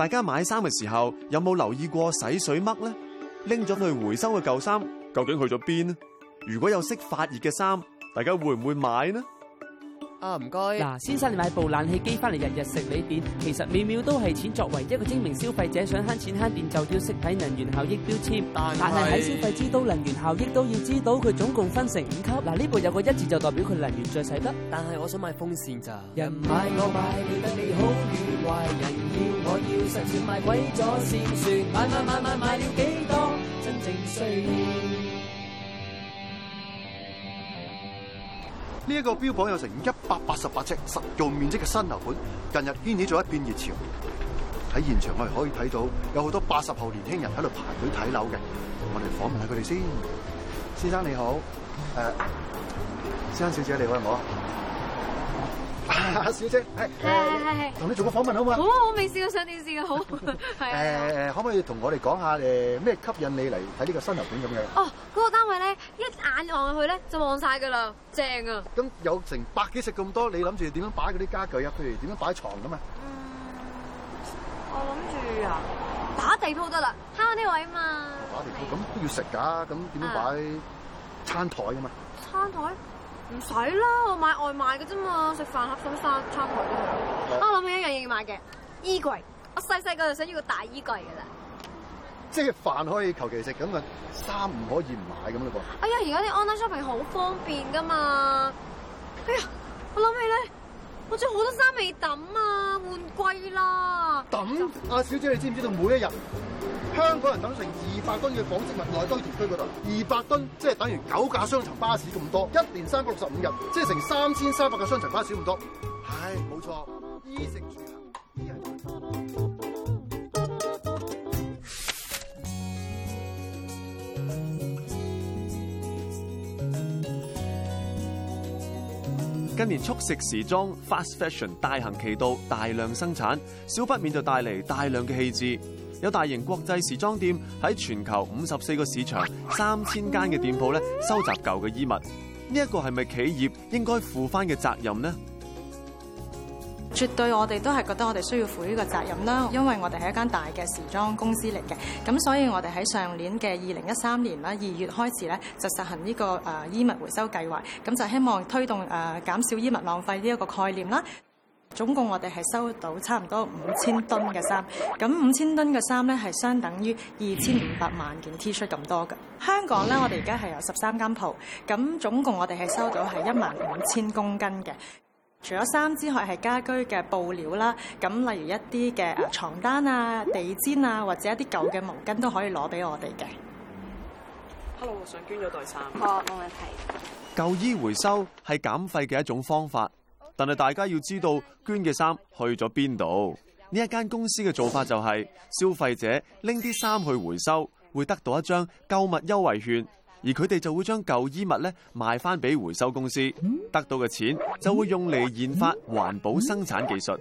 大家買衫嘅時候有冇留意過洗水嘜咧？拎咗去回收嘅舊衫究竟去咗邊咧？如果有識發熱嘅衫，大家會唔會買呢？啊，唔該，嗱，先生，你買部冷氣機返嚟日日食你電？其實每秒都係錢。作為一個精明消費者，想慳錢慳電，就要識睇能源效益標籤。但係是喺消費之道，能源效益都要知道。佢總共分成五級。嗱、啊，呢部有個一字就代表佢能源最使得。但係我想買風扇咋？人買我買，你得你好與壞。人要我要實時買鬼咗先算，買買買買買咗幾多？真正需要。呢一個標榜有成一百八十八尺實用面積嘅新樓盤，近日掀起咗一片熱潮。喺現場我哋可以睇到有好多八十後年輕人喺度排隊睇樓嘅。我哋訪問下佢哋先。先生你好，誒、啊，先生小姐你好，你好嗎？小姐，係係係，同你做個訪問好唔好？好啊，我未試過上電視嘅，好。係啊 的。的可唔可以同我哋講下誒咩吸引你嚟睇呢個新樓盤咁樣？哦，嗰、嗰個單位咧一眼望落去咧就望晒㗎啦，正啊！咁有成百幾尺咁多，你諗住點樣擺嗰啲家具啊？譬如點樣擺床㗎嘛？嗯，我諗住啊，打地鋪得啦，慳呢位啊嘛。打地鋪咁都的要食㗎，咁點樣擺餐台㗎嘛？餐台。唔使啦，我買外賣嘅啫嘛，食飯盒、沙餐台都好。對 啊，諗起一樣嘢要買嘅，衣櫃。我細細個就想要個大衣櫃噶啦。即係飯可以求其食，咁啊衫唔可以唔買咁咯噃。樣，哎呀，而家啲 online shopping 好方便噶嘛。哎呀，我諗起咧。我仲好多衫未抌啊，換季啦！抌，阿小姐你知唔知道每一日香港人抌成二百噸嘅紡織物內堆填區嗰度，二百噸即係等於九架雙層巴士咁多，一年三百六十五日即係成三千三百架雙層巴士咁多唉，係冇錯，衣食住行，近年速食時裝 fast fashion 大行其道，大量生產，少不免就帶嚟大量嘅棄置。有大型國際時裝店喺全球五十四個市場三千間嘅店鋪咧，收集舊嘅衣物。呢一個係咪企業應該負翻嘅責任呢？絕對我哋都係覺得我哋需要負呢個責任啦，因為我哋係一間大嘅時裝公司嚟嘅，咁所以我哋喺上年嘅二零一三年啦，二月開始咧就實行呢個誒衣物回收計劃，咁就希望推動誒減少衣物浪費呢一個概念啦。總共我哋係收到差唔多五千噸嘅衫，咁五千噸嘅衫咧係相等於二千五百萬件 T 恤咁多嘅。香港咧，我哋而家係有十三間鋪，咁總共我哋係收到係一萬五千公斤嘅。除咗衫之外，係家居嘅布料啦，咁例如一啲嘅床單啊、地氈啊，或者一啲舊嘅毛巾都可以攞俾我哋嘅。Hello，我想捐咗袋衫。好，冇問題。舊衣回收係減廢嘅一種方法，但係大家要知道捐嘅衫去咗邊度？呢一間公司嘅做法就係，消費者拎啲衫去回收，會得到一張購物優惠券。而佢哋就會將舊衣物咧賣翻俾回收公司，得到嘅錢就會用嚟研發環保生產技術。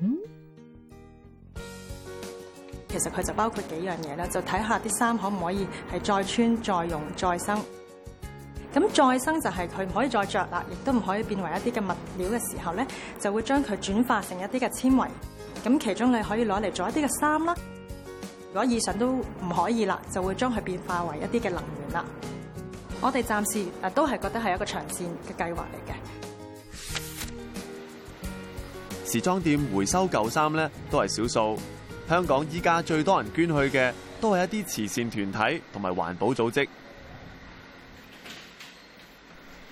其實佢就包括幾樣嘢啦，就睇下啲衫可唔可以係再穿、再用、再生。咁再生就係佢唔可以再着啦，亦都唔可以變為一啲嘅物料嘅時候咧，就會將佢轉化成一啲嘅纖維。咁其中你可以攞嚟做一啲嘅衫啦。如果以上都唔可以啦，就會將佢變化為一啲嘅能源啦。我哋暫時啊都係覺得係一個長線嘅計劃嚟嘅。時裝店回收舊衫呢都係少數。香港依家最多人捐去嘅，都係一啲慈善團體同埋環保組織。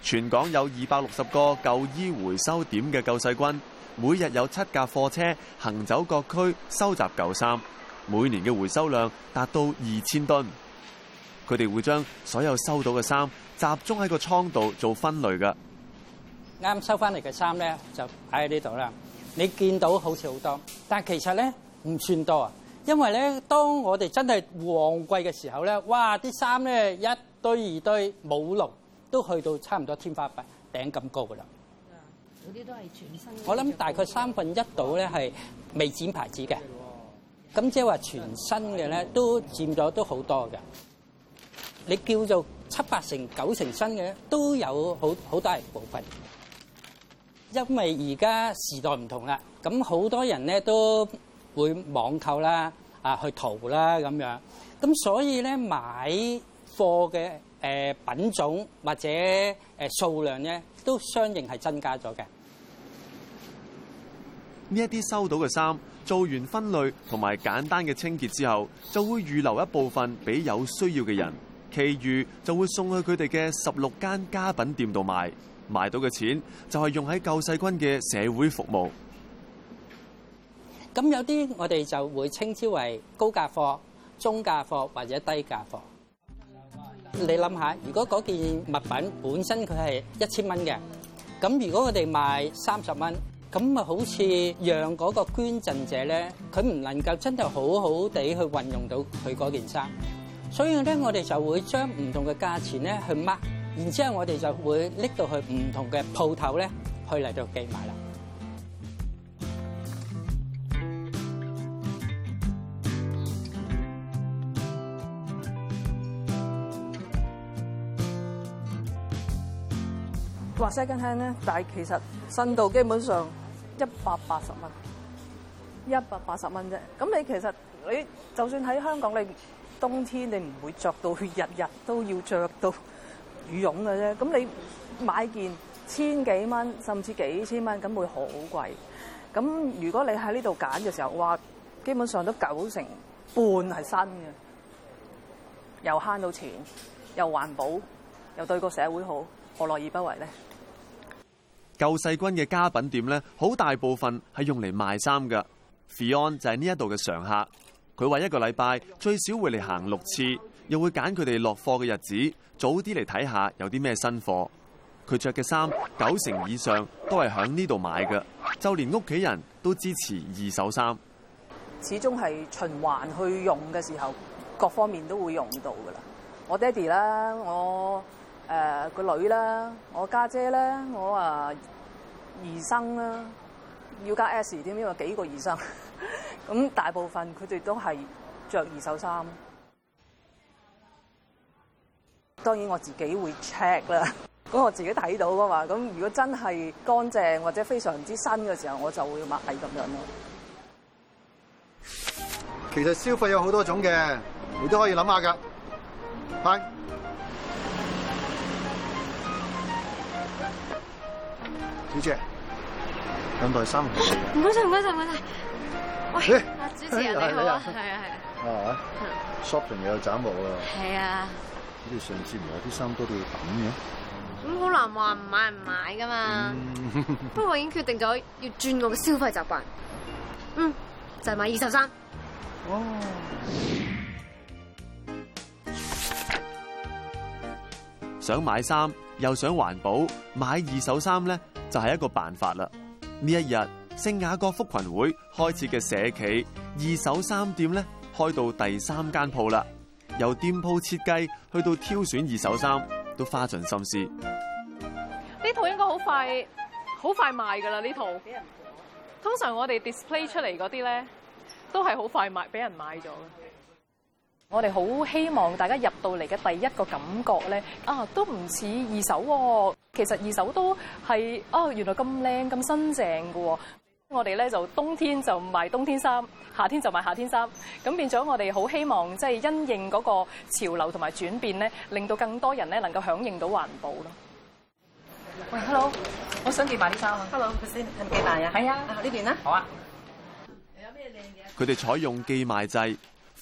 全港有二百六十個舊衣回收點嘅救世軍，每日有七架貨車行走各區收集舊衫，每年嘅回收量達到二千噸。佢哋會將所有收到嘅衫集中喺個倉度做分類㗎。啱收翻嚟嘅衫咧，就擺喺呢度啦。你見到好似好多，但係其實咧唔算多啊。因為咧，當我哋真係旺季嘅時候咧，哇！啲衫咧一堆二堆，冇落都去到差唔多天花板頂咁高㗎啦。嗰啲都係全新。我諗大概三分一度咧係未剪牌子嘅，咁即係話全新嘅咧都佔咗都好多嘅。你叫做七八成、九成新嘅都有好好大部分，因為而家時代唔同啦。咁好多人咧都會網購啦，啊去淘啦咁樣。咁所以咧買貨嘅誒品種或者誒數量咧都相應係增加咗嘅。呢一啲收到嘅衫，做完分類同埋簡單嘅清潔之後，就會預留一部分俾有需要嘅人。其餘就會送去佢哋嘅十六間家品店度賣，賣到嘅錢就係用喺救世軍嘅社會服務。咁有啲我哋就會稱之為高價貨、中價貨或者低價貨。你諗下，如果嗰件物品本身佢係一千蚊嘅，咁如果我哋賣三十蚊，咁咪好似讓嗰個捐贈者咧，佢唔能夠真係好好地去運用到佢嗰件衫。所以咧，我哋就會將唔同嘅價錢咧去 mark，然之後我哋就會拎到去唔同嘅鋪頭咧，去嚟到寄埋啦。話西根香咧，但係其實深度基本上一百八十蚊，一百八十蚊啫。咁你其實你就算喺香港你。冬天你唔會着到，佢日日都要着到羽絨嘅啫。咁你買件千幾蚊，甚至幾千蚊，咁會好貴。咁如果你喺呢度揀嘅時候，哇，基本上都九成半係新嘅，又慳到錢，又環保，又對個社會好，何樂而不為呢？救世軍嘅家品店咧，好大部分係用嚟賣衫嘅。Fion 就係呢一度嘅常客。佢話一個禮拜最少會嚟行六次，又會揀佢哋落貨嘅日子，早啲嚟睇下有啲咩新貨。佢着嘅衫九成以上都係喺呢度買嘅，就連屋企人都支持二手衫。始終係循環去用嘅時候，各方面都會用到噶啦。我爹哋啦，我誒個女啦，我家姐啦，我、呃、啊兒生啦。要加 S 點，因為有幾個醫生，咁大部分佢哋都係着二手衫。當然我自己會 check 啦，咁我自己睇到噶嘛。咁如果真係乾淨或者非常之新嘅時候，我就會買咁樣咯。其實消費有好多種嘅，你都可以諗下㗎。Hi，小姐。兩袋衫唔該晒唔該晒唔該晒喂啊主持人你好係啊係啊係啊，啊，shopping 又有斬毛啦係啊，你上次唔係有啲衫多到要等嘅，咁好難話唔買唔買噶嘛，不,嘛不過我已經決定咗要轉我嘅消費習慣，嗯，就係買二手衫哦，想買衫又想環保，買二手衫咧就係一個辦法啦。呢一日聖雅各福群會開始嘅社企二手衫店咧，開到第三間鋪啦。由店鋪設計去到挑選二手衫，都花盡心思。呢套應該好快好快賣噶啦，呢套。通常我哋 display 出嚟嗰啲咧，都係好快賣俾人買咗。我哋好希望大家入到嚟嘅第一個感覺咧，啊，都唔似二手喎，啊。其實二手都係啊、哦，原來咁靚咁新淨嘅喎。我哋咧就冬天就賣冬天衫，夏天就賣夏天衫。咁變咗我哋好希望即係、就是、因應嗰個潮流同埋轉變咧，令到更多人咧能夠響應到環保咯。喂，Hello，我想寄賣啲衫啊。Hello，先生，寄賣啊？係啊。呢邊啊。好啊。有咩靚嘅？佢哋採用寄賣制，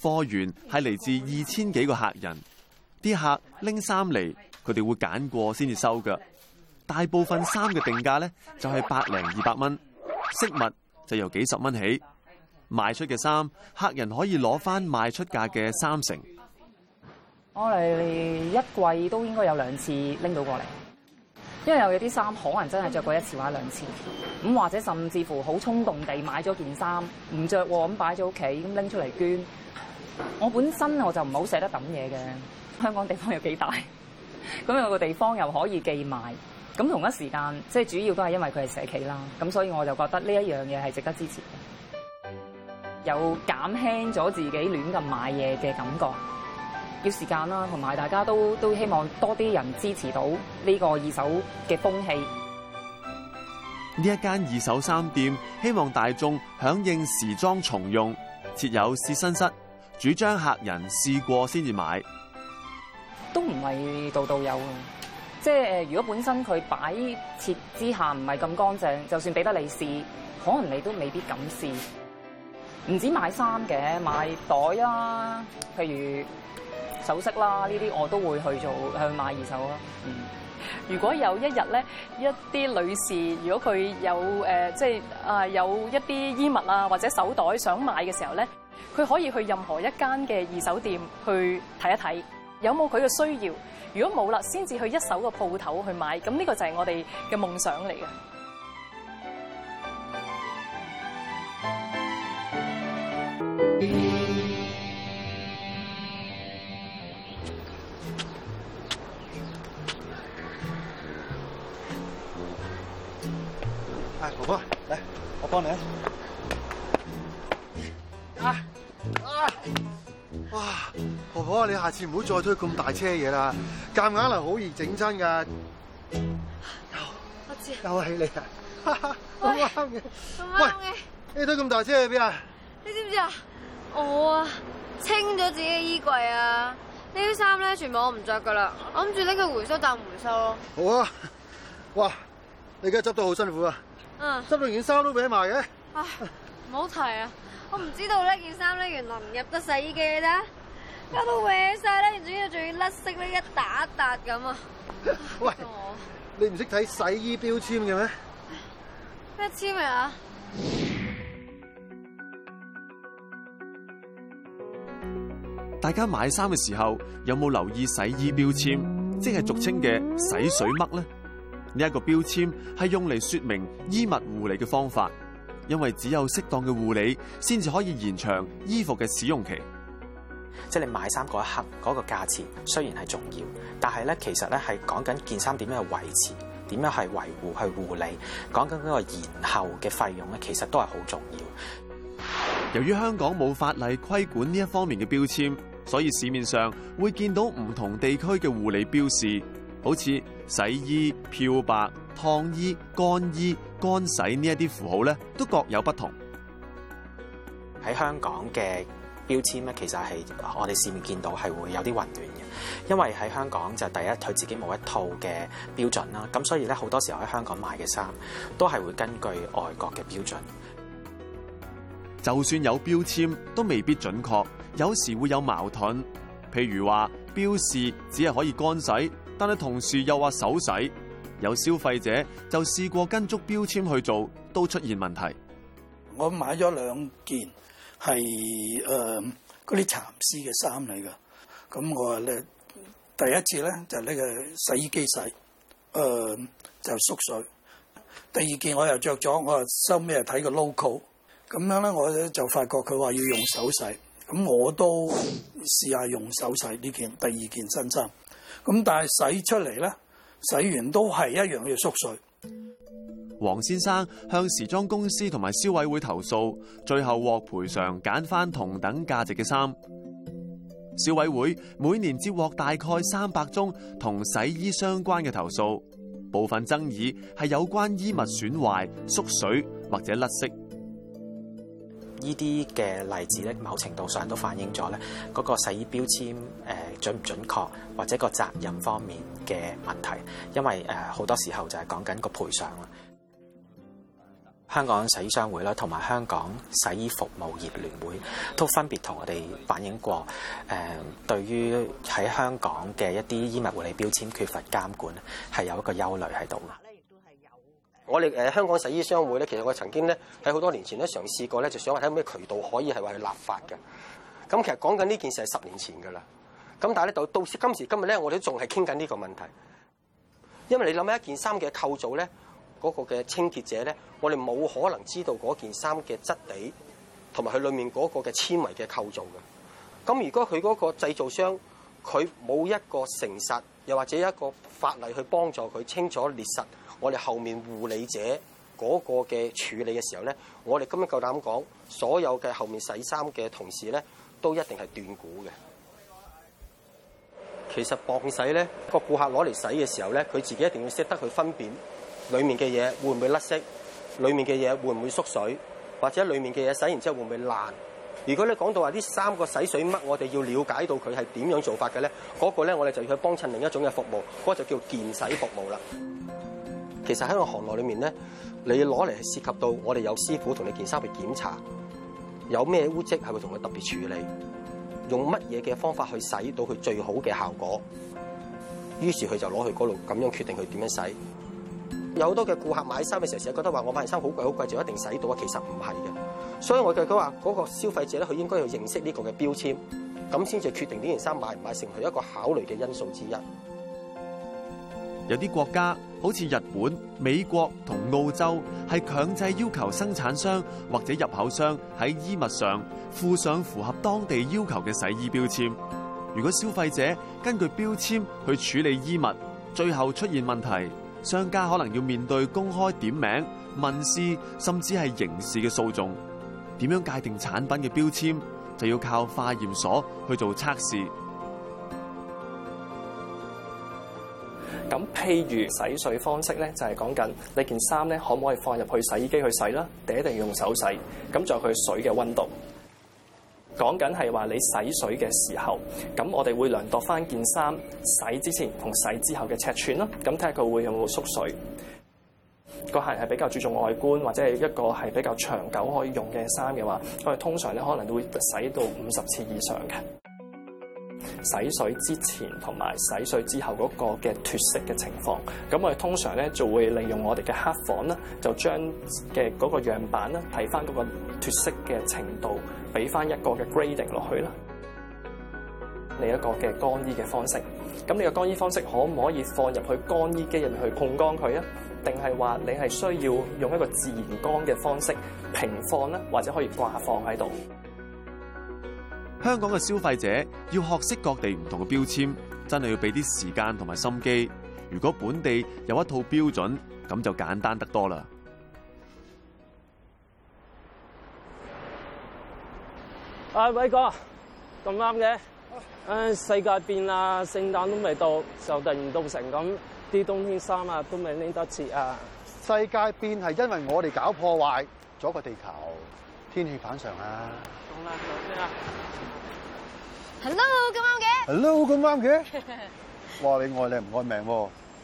貨源係嚟自二千幾個客人。啲客拎衫嚟，佢哋會揀過先至收嘅。大部分衫嘅定價咧就係百零二百蚊，飾物就由幾十蚊起。賣出嘅衫，客人可以攞翻賣出價嘅三成。我嚟一季都應該有兩次拎到過嚟，因為有啲衫可能真係着過一次或者兩次咁，或者甚至乎好衝動地買咗件衫唔着咁擺咗屋企咁拎出嚟捐。我本身我就唔好捨得抌嘢嘅，香港地方又幾大，咁、那、有個地方又可以寄賣。咁同一時間，即係主要都係因為佢係社企啦，咁所以我就覺得呢一樣嘢係值得支持的，有減輕咗自己亂咁買嘢嘅感覺，要時間啦，同埋大家都都希望多啲人支持到呢個二手嘅風氣。呢一間二手衫店希望大眾響應時裝重用，設有試身室，主張客人試過先至買。都唔係度度有。即係如果本身佢擺設之下唔係咁乾淨，就算俾得你試，可能你都未必敢試。唔止買衫嘅，買袋啦，譬如首飾啦，呢啲我都會去做去買二手囉。嗯，如果有一日咧，一啲女士如果佢有誒，即係啊有一啲衣物啊或者手袋想買嘅時候咧，佢可以去任何一間嘅二手店去睇一睇。有冇佢嘅需要？如果冇啦，先至去一手嘅鋪頭去買。咁呢個就係我哋嘅夢想嚟嘅。哎，婆婆，來，我幫你。啊，啊！哇！婆婆啊，你下次唔好再推咁大車嘢啦，夾硬係好易整親噶。我知又係你。收起你啊！哈哈。咁啱嘅。咁啱嘅。你推咁大車去邊啊？你知唔知啊？我啊，清咗自己嘅衣櫃啊，呢啲衫咧全部我唔着噶啦，我諗住拎去回收站回收咯。好啊。哇！你而家執到好辛苦啊。嗯。執到件衫都俾埋嘅。唉，唔好提啊。我唔知道呢件衫咧原來唔入得洗衣機啦，搞到搲晒咧，仲要，仲要甩色呢，一笪一笪咁啊！喂，你唔識睇洗衣標籤嘅咩？咩籤啊？大家買衫嘅時候有冇留意洗衣標籤，即係俗稱嘅洗水唛咧？呢一個標籤係用嚟說明衣物護理嘅方法。因為只有適當嘅護理，先至可以延長衣服嘅使用期。即係你買衫嗰一刻，嗰個價錢雖然係重要，但係咧，其實咧係講緊件衫點樣去維持，點樣係維護去護理，講緊嗰個延後嘅費用咧，其實都係好重要。由於香港冇法例規管呢一方面嘅標籤，所以市面上會見到唔同地區嘅護理標示，好似。洗衣、漂白、燙衣、乾衣、乾洗呢一啲符號咧，都各有不同。喺香港嘅標籤咧，其實係我哋市面見到係會有啲混亂嘅，因為喺香港就第一佢自己冇一套嘅標準啦，咁所以咧好多時候喺香港買嘅衫都係會根據外國嘅標準。就算有標籤，都未必準確，有時會有矛盾。譬如話標示只係可以乾洗。但係同事又話手洗，有消費者就試過跟足標籤去做，都出現問題。我買咗兩件係誒嗰啲蠶絲嘅衫嚟噶，咁我咧第一次咧就呢、是、個洗衣機洗，誒、呃、就縮水。第二件我又着咗，我收尾係睇個 logo，咁樣咧我就發覺佢話要用手洗，咁我都試下用手洗呢件第二件新衫。咁但係洗出嚟呢，洗完都係一樣要縮水。黃先生向時裝公司同埋消委會投訴，最後獲賠償揀翻同等價值嘅衫。消委會每年接獲大概三百宗同洗衣相關嘅投訴，部分爭議係有關衣物損壞、縮水或者甩色。呢啲嘅例子咧，某程度上都反映咗咧，個洗衣標籤誒準唔準確，或者個責任方面嘅問題，因為誒好多時候就係講緊個賠償啦。香港洗衣商會啦，同埋香港洗衣服務業聯會都分別同我哋反映過，誒，對於喺香港嘅一啲衣物護理標籤缺乏監管，係有一個憂慮喺度。我哋誒香港洗衣商會咧，其實我曾經咧喺好多年前咧嘗試過咧，就想睇有咩渠道可以係話去立法嘅。咁其實講緊呢件事係十年前㗎啦。咁但係咧到到今時今日咧，我哋都仲係傾緊呢個問題，因為你諗一件衫嘅構造咧，嗰個嘅清潔者咧，我哋冇可能知道嗰件衫嘅質地同埋佢裡面嗰個嘅纖維嘅構造嘅。咁如果佢嗰個製造商佢冇一個誠實，又或者一個法例去幫助佢清楚列實。我哋後面護理者嗰個嘅處理嘅時候咧，我哋今日夠膽講，所有嘅後面洗衫嘅同事咧，都一定係斷估嘅。其實磅洗咧，個顧客攞嚟洗嘅時候咧，佢自己一定要識得去分辨裡面嘅嘢會唔會甩色，裡面嘅嘢會唔會縮水，或者裡面嘅嘢洗完之後會唔會爛？如果你講到話呢三個洗水乜，我哋要了解到佢係點樣做法嘅咧，嗰個咧，我哋就要去幫襯另一種嘅服務，嗰個就叫健洗服務啦。其實喺個行內裏面咧，你攞嚟係涉及到我哋有師傅同你件衫去檢查，有咩污漬係會同佢特別處理，用乜嘢嘅方法去洗到佢最好嘅效果。於是佢就攞去嗰度咁樣決定佢點樣洗。有好多嘅顧客買衫嘅時候，成日覺得話我買件衫好貴好貴，就一定洗到啊！其實唔係嘅。所以我嘅佢話嗰個消費者咧，佢應該要認識呢個嘅標籤，咁先至決定呢件衫買唔買，成為一個考慮嘅因素之一。有啲國家，好似日本、美國同澳洲，係強制要求生產商或者入口商喺衣物上附上符合當地要求嘅洗衣標籤。如果消費者根據標籤去處理衣物，最後出現問題，商家可能要面對公開點名、民事甚至係刑事嘅訴訟。點樣界定產品嘅標籤，就要靠化驗所去做測試。咁譬如洗水方式咧，就係講緊你件衫咧可唔可以放入去洗衣機去洗啦，你一定要用手洗。咁就佢水嘅溫度，講緊係話你洗水嘅時候，咁我哋會量度翻件衫洗之前同洗之後嘅尺寸啦，咁睇下佢會有冇縮水。個客人係比較注重外觀或者係一個係比較長久可以用嘅衫嘅話，我哋通常咧可能都會洗到五十次以上嘅。洗水之前同埋洗水之後嗰個嘅脫色嘅情況，咁我哋通常咧就會利用我哋嘅黑房咧，就將嘅嗰個樣板咧睇翻嗰個脫色嘅程度，俾翻一個嘅 grading 落去啦。另一個嘅乾衣嘅方式，咁你嘅乾衣方式可唔可以放入去乾衣機入面去烘乾佢啊？定係話你係需要用一個自然乾嘅方式平放咧，或者可以掛放喺度？香港嘅消費者要學識各地唔同嘅標籤，真係要俾啲時間同埋心機。如果本地有一套標準，咁就簡單得多啦。啊，偉哥，咁啱嘅。唉好、啊，世界變啦，聖誕都未到，就突然凍成咁，啲冬天衫啊都未拎得切啊。世界變係因為我哋搞破壞咗個地球，天氣反常啊。啦，啦。Hello 咁啱嘅，Hello 咁啱嘅。哇，你愛靚唔愛命？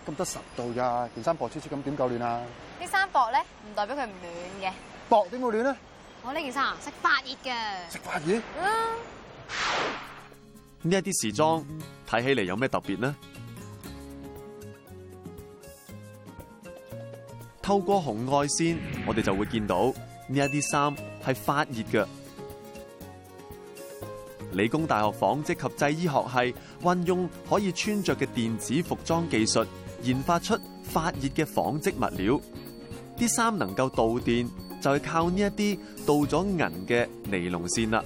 咁得十度咋？件衫薄切切咁點夠暖啊？啲衫薄咧，唔代表佢唔暖嘅。薄點會暖啊？我呢件衫啊，識發熱嘅。識發熱？嗯。呢一啲時裝睇起嚟有咩特別呢？透過紅外線，我哋就會見到呢一啲衫係發熱嘅。理工大學紡織及製衣學系運用可以穿着嘅電子服裝技術，研發出發熱嘅紡織物料。啲衫能夠導電，就係、是、靠呢一啲導咗銀嘅尼龍線啦。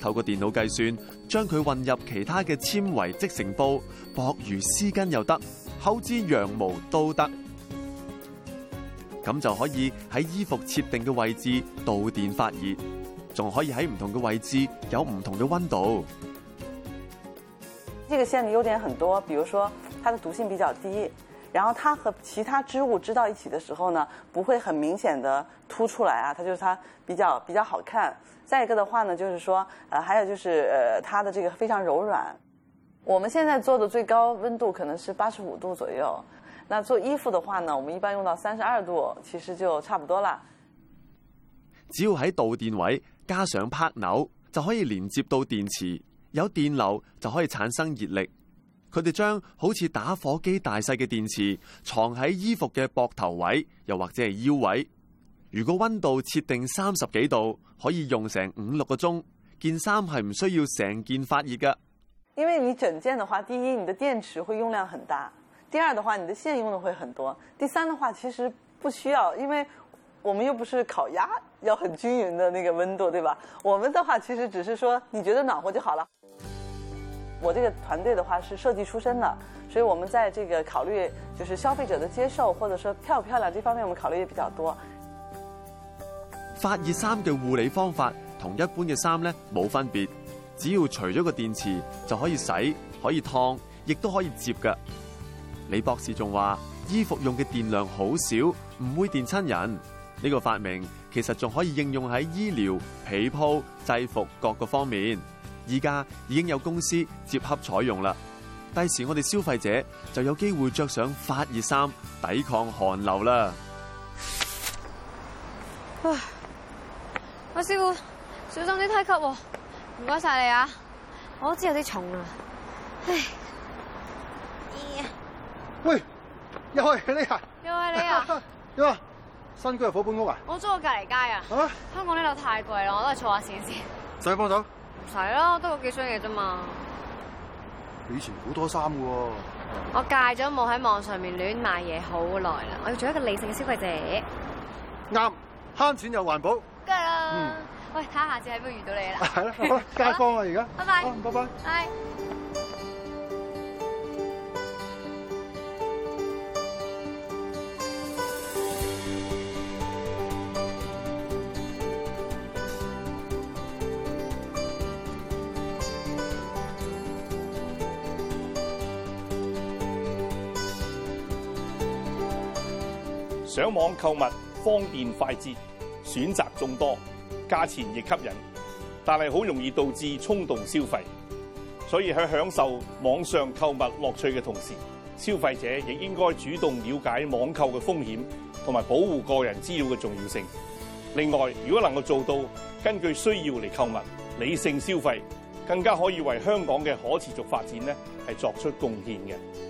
透過電腦計算，將佢混入其他嘅纖維織成布，薄如絲巾又得，厚至羊毛都得。咁就可以喺衣服設定嘅位置導電發熱。仲可以喺唔同嘅位置有唔同嘅溫度。呢個線嘅優點很多，比如說它的毒性比較低，然後它和其他織物織到一起的時候呢，不會很明顯的凸出來啊，它就是它比較比較好看。再一個的話呢，就是說，啊，還有就是，呃，它的這個非常柔軟。我們現在做的最高溫度可能是八十五度左右，那做衣服的話呢，我們一般用到三十二度，其實就差不多啦。只要喺導電位。加上拍鈕就可以連接到電池，有電流就可以產生熱力。佢哋將好似打火機大細嘅電池藏喺衣服嘅膊頭位，又或者係腰位。如果溫度設定三十幾度，可以用成五六個鐘。件衫係唔需要成件發熱噶。因為你整件的話，第一，你的電池會用量很大，第二的話，你的線用得會很多，第三的話，其實不需要，因為。我們又不是烤鴨，要很均勻的那個温度，對吧？我們的話，其實只是說你覺得暖和就好了。我這個團隊的話是設計出身的，所以我們在這個考慮，就是消費者的接受，或者說漂不漂亮這方面，我們考慮也比較多。發熱衫嘅護理方法同一般嘅衫呢冇分別，只要除咗個電池就可以洗，可以燙，亦都可以接㗎。李博士仲話，衣服用嘅電量好少，唔會電親人。呢個發明其實仲可以應用喺醫療、被鋪、制服各個方面，而家已經有公司接合採用啦。第時我哋消費者就有機會着上發熱衫抵抗寒流啦。喂，師傅，小心啲梯級，唔該晒你啊。我知有啲重啊。唉。喂，又係你啊？又係你啊？啊？新居入伙搬屋啊嗎？我租我隔籬街啊。香港呢度太貴啦，我都係儲下錢先。使唔使幫手？唔使啦，都係幾箱嘢啫嘛。你以前好多衫嘅。我戒咗冇喺網上面亂買嘢好耐啦，我要做一個理性嘅消費者。啱，慳錢又環保。梗係啦。喂、嗯，睇下下次喺邊遇到你啦。係啦，好啦，街坊啊，而家。拜拜。拜拜。b 上網購物方便快捷，選擇眾多，價錢亦吸引，但係好容易導致衝動消費。所以喺享受網上購物樂趣嘅同時，消費者亦應該主動了解網購嘅風險同埋保護個人資料嘅重要性。另外，如果能夠做到根據需要嚟購物，理性消費，更加可以為香港嘅可持續發展呢係作出貢獻嘅。